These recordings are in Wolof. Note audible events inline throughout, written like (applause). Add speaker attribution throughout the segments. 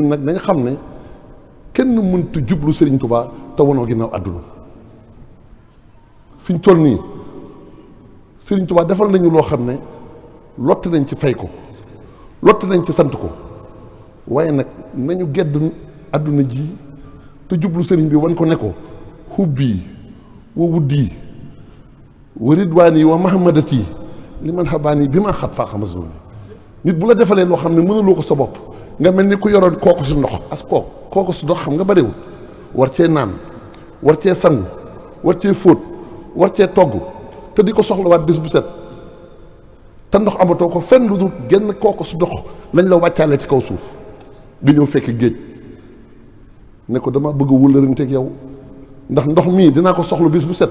Speaker 1: ñun nag xam ne kenn mëntu jublu Serigne Touba te wanoo ginnaaw àdduna fi ñu nii Serigne Touba defal nañu loo xam ne lott nañ ci fay lott nañ ci sant ko waaye nag nañu gedd ji te jublu sëriñ bi wan ko ne ko hubbi wa wuddi wa ridwaani wa mahamadati li man xabaani bi ma xat faa xamas nit bu la defalee loo xam ne mënuloo ko sa bopp nga mel ni ku yoroon kooku su ndox as kooku kooku su ndox xam nga bariwul war cee naan war cee sangu war cee fóot war cee togg te di ko soxlawaat bis bu set te ndox amatoo ko fenn lu dul genn kooku su ndox lañ la wàccaale ci kaw suuf nga ñëw fekk géej ne ko dama bëgg teg yow ndax ndox mii dinaa ko soxlu bis bu set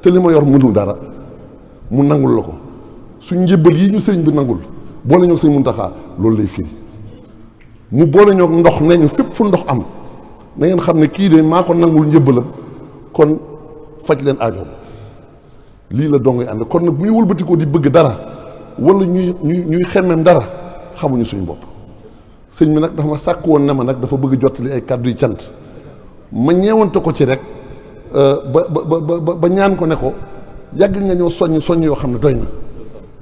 Speaker 1: te li ma yor mënul dara mu nangul la ko su njébbal yi ñu sëriñ bi nangul boole ñoo sëñ Muntaxa loolu lay firi mu boole ñoo ndox ne ñu fépp fu ndox am na ngeen xam ne kii de maa ko nangul njëbbalam kon faj leen aajoom lii la dong ànd kon nag bu ñu wëlbatikoo di bëgg dara wala ñuy ñuy ñuy xemmeem dara xamuñu suñu bopp sëñ bi nag dafa ma sàkk woon ne ma nag dafa bëgg li ay kàddu yu cant ma ñeewante ko ci rek euh, ba ba ba ba ñaan ko ne ko yàgg nga ñoo soññ soññ yoo xam ne doy na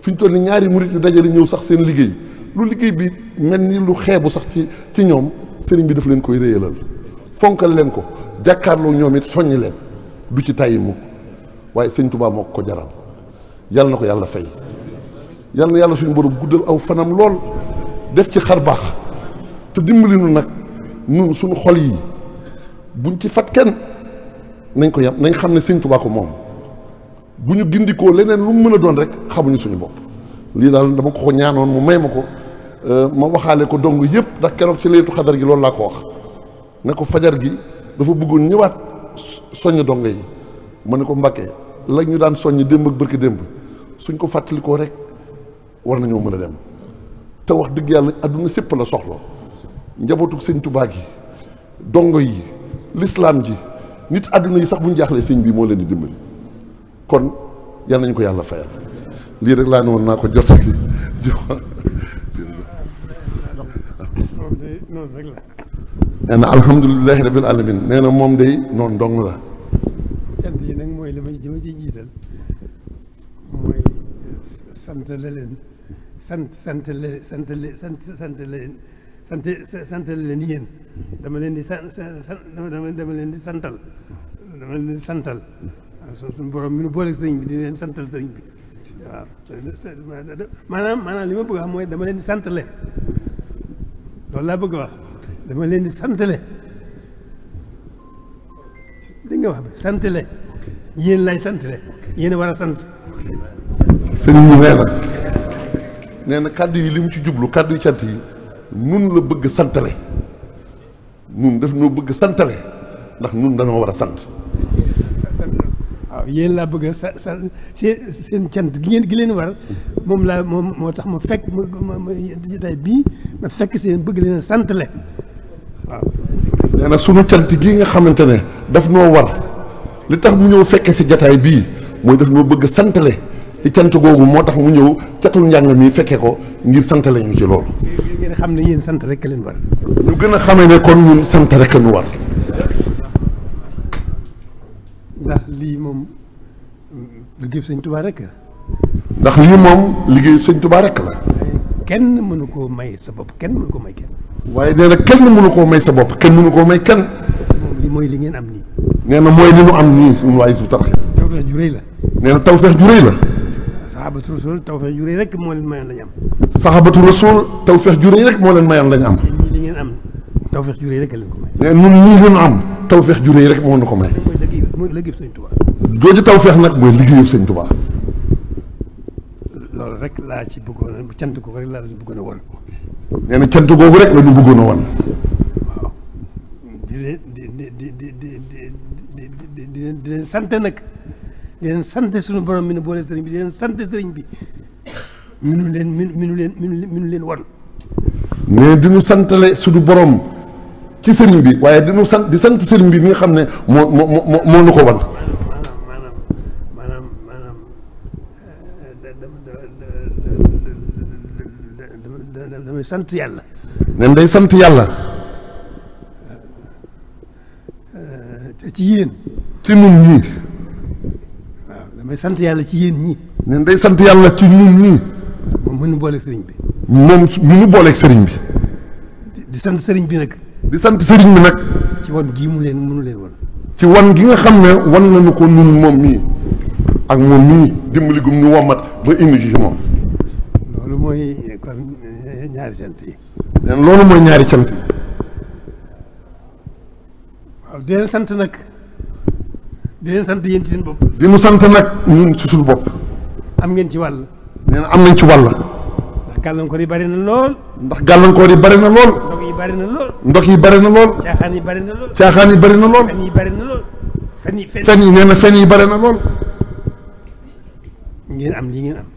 Speaker 1: fi ñu toll ni ñaari murit yu dajale ñëw sax seen liggéey. lu liggéey bi mel nii lu xeebu sax ci ci ñoom sëriñ bi daf leen koy réyalal fonkal leen ko jàkkaarloo ñoom it soññ leen du ci tàyyi mukk waaye sëñ Tuubaa moo ko jaral yàlla na ko yàlla fay yàlla yàlla suñu borom guddal aw fanam lool def ci xar baax te dimbali nu nag nun suñu xol yi buñ ci fat kenn nañ ko yam nañ xam ne sëñ Tuubaa ko moom bu ñu gindikoo leneen lu mu mën a doon rek xamuñu suñu bopp lii daal dama ko ko ñaanoon mu may ma ko Euh, ma waxaale ko dong yëpp ndax keroog ci leetu xadar gi loolu laa ko wax ne ko fajar gi dafa bëggoon ñëwaat soññ dong yi ma ne ko Mbàkke la ñu daan soññ démb ak bërki démb suñ ko fàttalikoo rek war nañoo mën a dem te wax digg yàlla àdduna sépp la soxla njabootu sëñ Tuubaa yi dongo yi lislaam ji nit àdduna yi sax bu ñu jaaxlee sëñ bi moo leen di dimbali kon yal nañu ko yàlla fayal lii rek laa ne woon naa ko jot noonu rek la. nee na alhamdulilahi rabil alamin nee na moom day noonu dong la.
Speaker 2: cant yi nag mooy lima ma ci ma ci jiital mooy sant la leen sant sant la sant sant leen sant sant la leen yéen dama leen di sant dama leen di santal dama leen di santal su borom mi nu boole sëriñ bi di leen santal sëriñ bi waaw maanaam maanaam li ma bëgg a xam mooy dama leen di santale loolu laa bëgg a wax dama leen di santale dégg nga wax bi santale yéen
Speaker 1: lay santale yéen war a sant sëñ bi nee na nee na kàddu yi li mu ci jublu kàddu yi cant yi nun la bëgg santale nun daf noo bëgg santale ndax nun danoo war a sant
Speaker 2: yéen laa bëgg a sa sa seen cant gi ngeen gi leen war moom laa moom moo tax ma fekk ma ma jotaay bii ma fekk seen bëgg leen sant waaw.
Speaker 1: nee na sunu cant gi nga xamante ne daf noo war li tax mu ñëw fekke si jotaay bii mooy daf noo bëgg santale ci cant moo tax mu catul njàng mi fekke ko ngir santale ñu ci loolu.
Speaker 2: ngeen xam ne yéen sant rek leen war.
Speaker 1: ñu gën a xam ne kon ñun sant rek ñu war.
Speaker 2: liggéey sëñ Tuubaa rek
Speaker 1: ndax lii moom liggéey sëñ Tuubaa rek la.
Speaker 2: kenn mënu koo may sa bopp kenn mënu koo may kenn.
Speaker 1: waaye nee na kenn mënu koo may sa bopp kenn mënu koo may kenn.
Speaker 2: moom li mooy li ngeen am nii.
Speaker 1: nee na mooy li nu am nii ñun waa Hizbut Tarqiyyah.
Speaker 2: tawfeex ju la.
Speaker 1: nee na tawfeex ju rëy la.
Speaker 2: saxaabatu rasul tawfeex ju rëy rek moo leen mayoon la ñu am.
Speaker 1: saxaabatu rasul tawfeex ju rëy rek moo leen mayoon la ñu am.
Speaker 2: li ngeen am tawfeex ju rëy rek leen
Speaker 1: ko am tawfeex ju rëy rek moo nu ko may. mooy jooju tawfeex nag mooy liggéeyu sëñ Tuubaa
Speaker 2: loolu rek laa ci bëggoon a cant googu rek laa la ñu bëggoon a wan.
Speaker 1: nee na rek la ñu bëggoon a di leen di
Speaker 2: di leen di leen nag di leen suñu borom mi ne boole sëriñ bi di leen sant bi minu leen minu leen minu leen wan.
Speaker 1: mais di ñu santale suñu borom ci sëriñ bi waaye di ñu sant di bi mi nga xam ne moo moo moo moo nu ko wan.
Speaker 2: damay sant yàlla.
Speaker 1: nen day eh, sant yàlla.
Speaker 2: ci yéen. ci nun ci yéen ñii. nen day sant yàlla ci nun ñii. moom mënu booleeg sëriñ bi.
Speaker 1: moom mënu booleeg sëriñ bi.
Speaker 2: di sant sëriñ bi nag.
Speaker 1: di sant sëriñ bi nag. ci wan gii mu leen mënu leen wan. ci wan gi nga xam ne wan nañu ko ñun moom mii ak moom mii dimbali gum ñu womat ba indi ji moom.
Speaker 2: mooy kon eh, ñaari cant yi.
Speaker 1: ren loolu mooy ñaari cant yi.
Speaker 2: waaw sant nag di sant yéen seen bopp.
Speaker 1: di nu sant nag ñun ci bopp. am ngeen ci wàll. nee na am nañ ci wàll. ndax
Speaker 2: gàllankoor yi bari na lool.
Speaker 1: ndax gàllankoor yi bari na lool.
Speaker 2: ndog yi bari na lool. ndog yi bari na lool. caaxaan yi bari na lool. caaxaan yi bari na lool. fen yi bari na lool. fen yi fen yi nee
Speaker 1: na bari na lool.
Speaker 2: ngeen am lii ngeen am.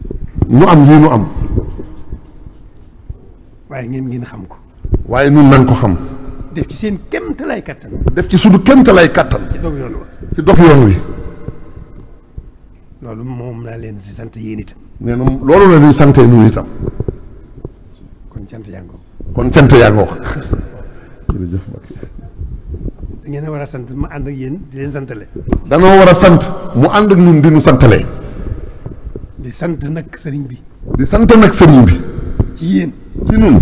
Speaker 1: nu am lii nu am.
Speaker 2: waaye ngeen ngeen xam ko.
Speaker 1: waaye ñun nañ ko xam.
Speaker 2: def ci seen kéemtalaay kattan. def ci suñu kéemtalaay kattan. ci kàttan yoon wa
Speaker 1: ci dog yoon wi.
Speaker 2: loolu moom laa leen si sant yéen itam.
Speaker 1: nee na loolu la ñuy sante ñun itam.
Speaker 2: kon cant yaa ngoo.
Speaker 1: kon cant yaa ngoo. (laughs) jërëjëf Mbacke.
Speaker 2: ngeen war a sant mu ànd ak yéen di leen santale.
Speaker 1: danoo war a sant mu ànd ak ñun di santale.
Speaker 2: di sant nag sëriñ bi.
Speaker 1: di sant nag sëriñ bi. ci yéen. ci ñun.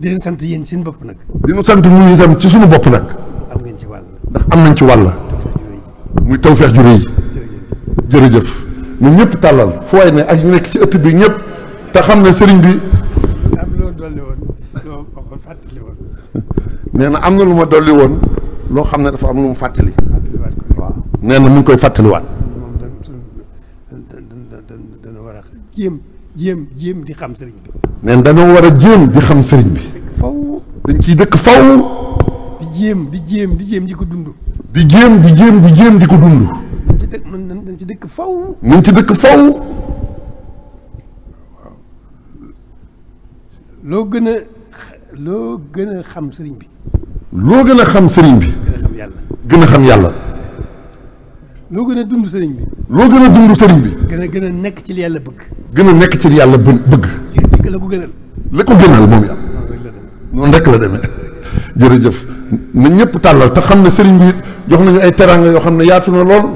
Speaker 2: di leen sant yéen seen bopp nag.
Speaker 1: di nu sant ñun itam ci suñu bopp nag. am ngeen ci wàll. ndax am nañ ci wàll. muy tawfeex ju rëy. jërëjëf ñun ñëpp tàllal fu ne ak ñu nekk ci ëtt bi ñëpp te xam ne sëriñ bi. (laughs) nee na am na lu ma dolli woon loo xam ne dafa am lu mu fàttali. waaw nee na mu koy fàttaliwaat. moom dana war a jéem
Speaker 2: jéem jéem di xam sëriñ bi.
Speaker 1: neen dañoo war a jéem di xam sëriñ bi. faw dañ ciy dëkk faw.
Speaker 2: di jéem di jéem di jéem di ko dund.
Speaker 1: di jéem di jéem di jéem di ko dund.
Speaker 2: nañ ci dëkk nañ ci dëkk faw.
Speaker 1: nañ ci dëkk faw.
Speaker 2: loo gën a loo a xam sëriñ bi.
Speaker 1: loo gën a xam sëriñ bi. gën a xam yàlla. gën
Speaker 2: loo gën a dund sëriñ bi.
Speaker 1: loo gën a dund sëriñ bi.
Speaker 2: gën a gën a nekk ci li yàlla bëgg.
Speaker 1: gën a nekk ci li yàlla bëgg. la ko gënal. la ko gënal moom yàlla. Ah, noonu rek la demee jërëjëf na ñëpp tàllal te xam ne sëriñ bi jox nañu ay teraanga yoo xam ne yaatu na lool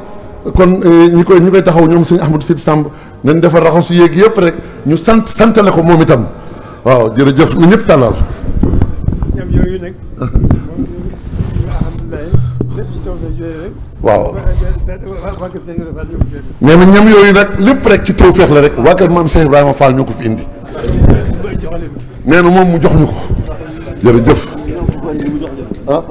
Speaker 1: kon eh, ñi koy ñi koy taxaw ñoom sëñ Ahmadou Sidi Samb nañ defar raxasu yéeg yëpp rek ñu sant santale ko moom itam waaw jërëjëf na ñëpp tàllal.
Speaker 2: ñoom yooyu nag. Ah.
Speaker 1: waaw nee na ñam yooyu nag lépp rek ci taw feex la rek waa kër maam Cheikh Ibrahima Fall ñoo ko fi indi. nee na moom mu jox ñu ko jërëjëf ah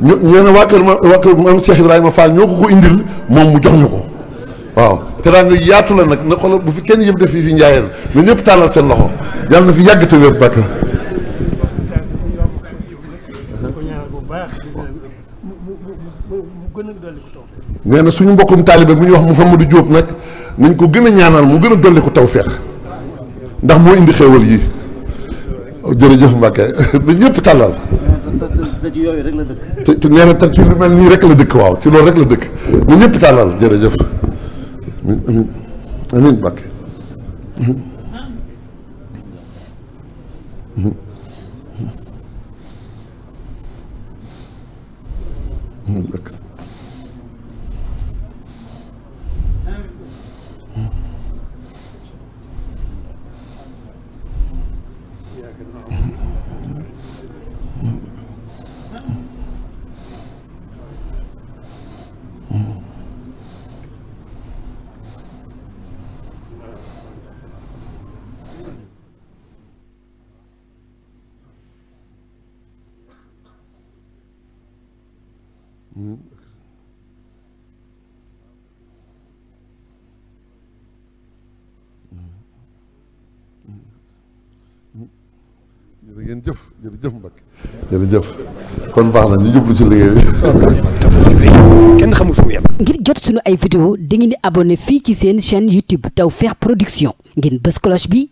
Speaker 1: ñu nee na waa kër ma waa kër maam Cheikh Ibrahima ñoo ko ko indil moom mu jox ñu ko waaw te daa nga yaatu la nag na xoolal bu fi kenn yëf def fii fi njaayeen na ñëpp tàllal seen loxo yàlla na fi yàgg te wér bàkk nee na suñu mbokkum taalibe bu ñu wax Mouhamadou Diop nag nañ ko gën a ñaanal mu gën a dolli ko tawfeex ndax moo indi xéewal yi jërëjëf Mbacke ba ñëpp tàllal te te nee ci lu mel nii rek la dëkk waaw ci loolu rek la dëkk na ñëpp tàllal jërëjëf amin jërë ngeen jëf jërëjëf Mbacke jërëjëf kon baax na ñu jublu ci liggéey bi kenn xamul fu mu ngir jot suñu
Speaker 2: ay vidéo di ngeen di abonné fii ci seen chaîne YouTube Tawfekh Production ngeen bës cloche bi